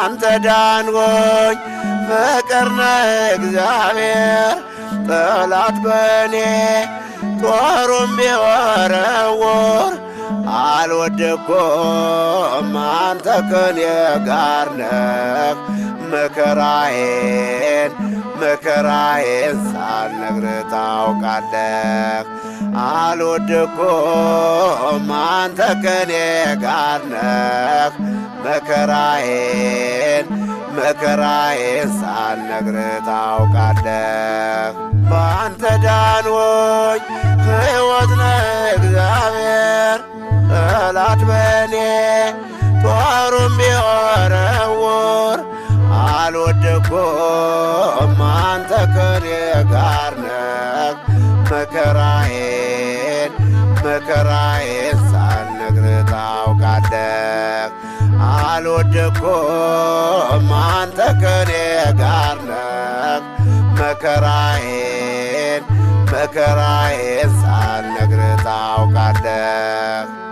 አንተ ዳንጎኝ ፍቅርነ እግዚአብሔር ጠላት በእኔ ጦሩም ቢወረውር አልወደቅኩም። አንተ ከኔ ጋር ነህ። መከራዬን መከራዬን ሳልነግርህ ታውቃለህ። አልወድኩም አንተ ከኔ ጋር ነህ መከራዬን መከራዬን ሳልነግር ታውቃለህ በአንተ ዳንወኝ ሕይወት ነህ እግዚአብሔር ጠላት በእኔ ጦሩም ቢወረውር አልወድኩም አንተ ከኔ መከራዬን መከራዬን ሳልነግርህ ታውቃለህ። አልወደኩም አንተ ከኔ ጋር ነህ። መከራዬን መከራዬን ሳልነግርህ ታውቃለህ።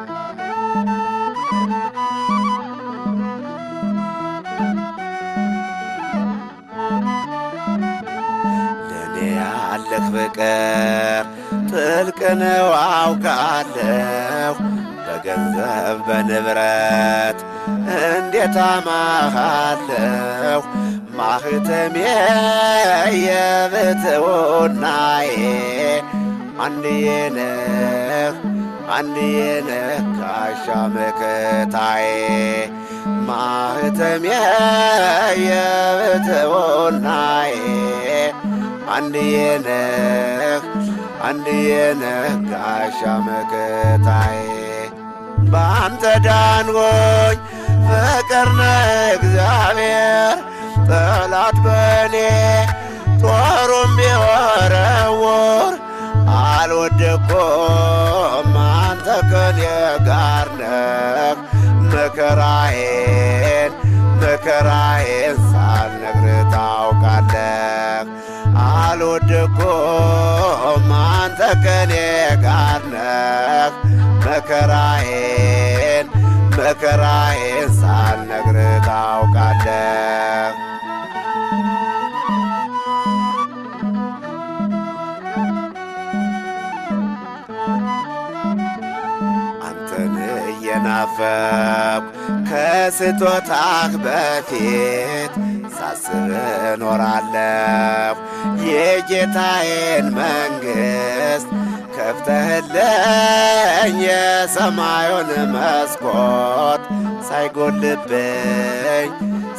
ያለህ ፍቅር ጥልቅ ነው አውቃለሁ። በገንዘብ በንብረት እንዴት አማሃለሁ። ማህተሜ የብትውናዬ አንድዬ ነህ አንድዬ ነህ ጋሻ መከታዬ ማህተሜ አንድዬ ነህ አንድዬ ነህ ጋሻ መከታዬ በአንተ ዳንጎኝ ፍቅር ነህ እግዚአብሔር ጠላት በኔ ጦሩም ቢወረውር አልወደቅኩም አንተ ከኔ ጋር ነህ መከራዬን መከራዬን ሳልነግርህ ታውቃለህ አልወድኩም አንተ ከኔ ጋር ነህ መከራዬን መከራዬን ሳልነግርህ ታውቃለህ። አንተን ከስጦታህ በፊት ሳስብ እኖራለሁ የጌታዬን መንግሥት ከፍተህልኝ የሰማዩን መስኮት ሳይጎልብኝ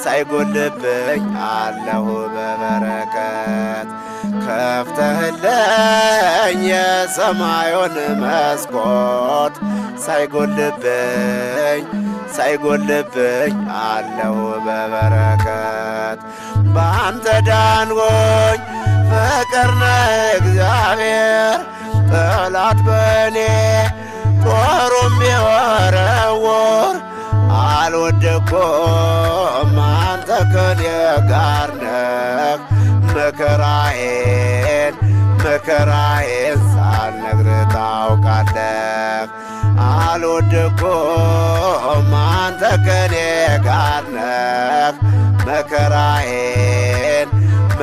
ሳይጎልብኝ አለሁ በበረከት ከፍተህልኝ የሰማዩን መስኮት ሳይጎልብኝ ሳይጎልብኝ አለሁ በበረከት በአንተ ዳንጎኝ ፍቅርነ እግዚአብሔር ጠላት በእኔ ጦሩም ቢወረውር አልወደቅኩም አንተ ከኔ ጋር ነህ። መከራዬን መከራዬን ሳልነግርህ ታውቃለህ። አልወደቅኩም አንተ ከኔ ጋር ነህ። መከራዬን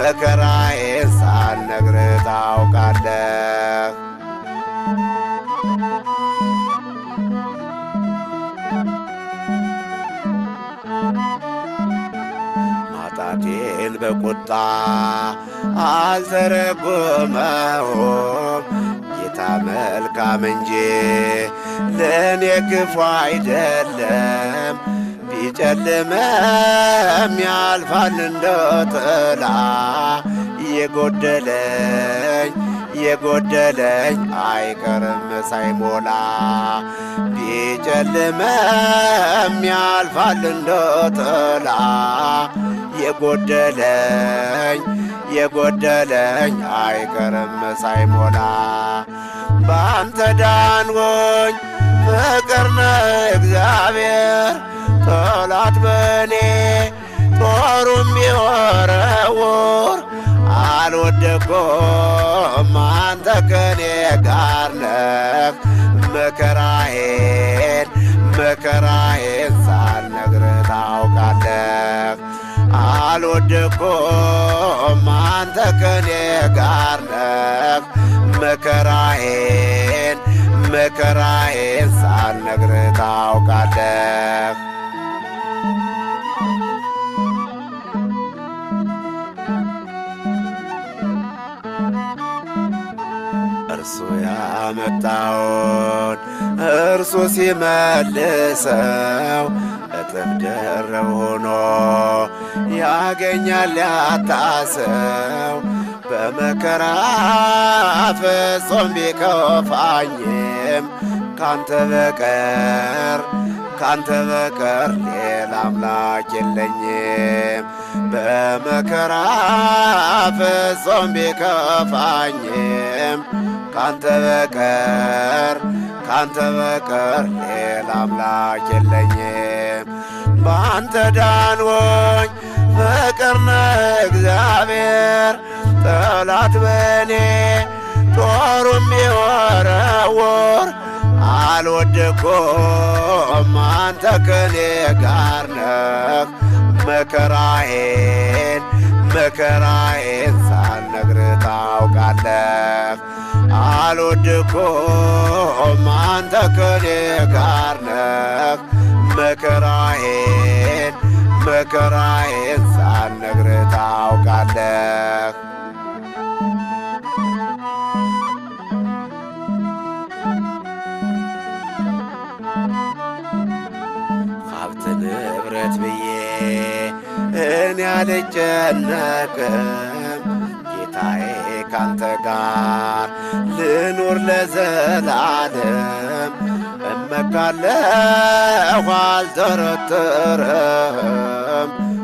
መከራዬን ታውቃለህ። ማጣቴን በቁጣ አልተረጎመውም። ጌታ መልካም እንጂ ለእኔ ክፉ አይደለም። ቢጨልመም ያልፋል እንደ ጥላ የጎደለኝ የጎደለኝ አይቀርም ሳይሞላ ቢጨልመም ያልፋል እንደ ጥላ የጎደለኝ የጎደለኝ አይቀርም ሳይሞላ በአንተ ዳንጎኝ ፍቅር እግዚአብሔር ጠላት በኔ ጦሩም ይወረውር ባልወድ እኮ አንተ ከኔ ጋር ነህ። መከራዬን መከራዬን ሳልነግርህ ታውቃለህ። አልወድ አንተ ከኔ ጋር ነህ እርሱ ያመጣውን እርሱ ሲመልሰው እጥፍ ድርብ ሆኖ ያገኛል ያታሰው በመከራ ፍጹም ቢከፋኝም ካንተ በቀር ካንተ በቀር ሌላ አምላክ የለኝም። በመከራ ፍጹም ቢከፋኝም ካንተ በቀር ካንተ በቀር ሌላ አምላክ የለኝም። በአንተ ዳንወኝ ፍቅርነ እግዚአብሔር ጠላት በእኔ ጦሩም የወረወር አልወደቅኩም። አንተ ከኔ ጋር ነህ። መከራዬን መከራዬን ሳልነግርህ ታውቃለህ። አልወድኩም አንተ ከኔ ጋር ነህ መከራዬን መከራዬን ሳትነግረኝ ታውቃለህ። ሀብት ንብረት ብዬ እኔ አልጨነቅም ጌታዬ ካንተ ጋር ልኑር ለዘላለም እመካለሁ አልጠረጠረም።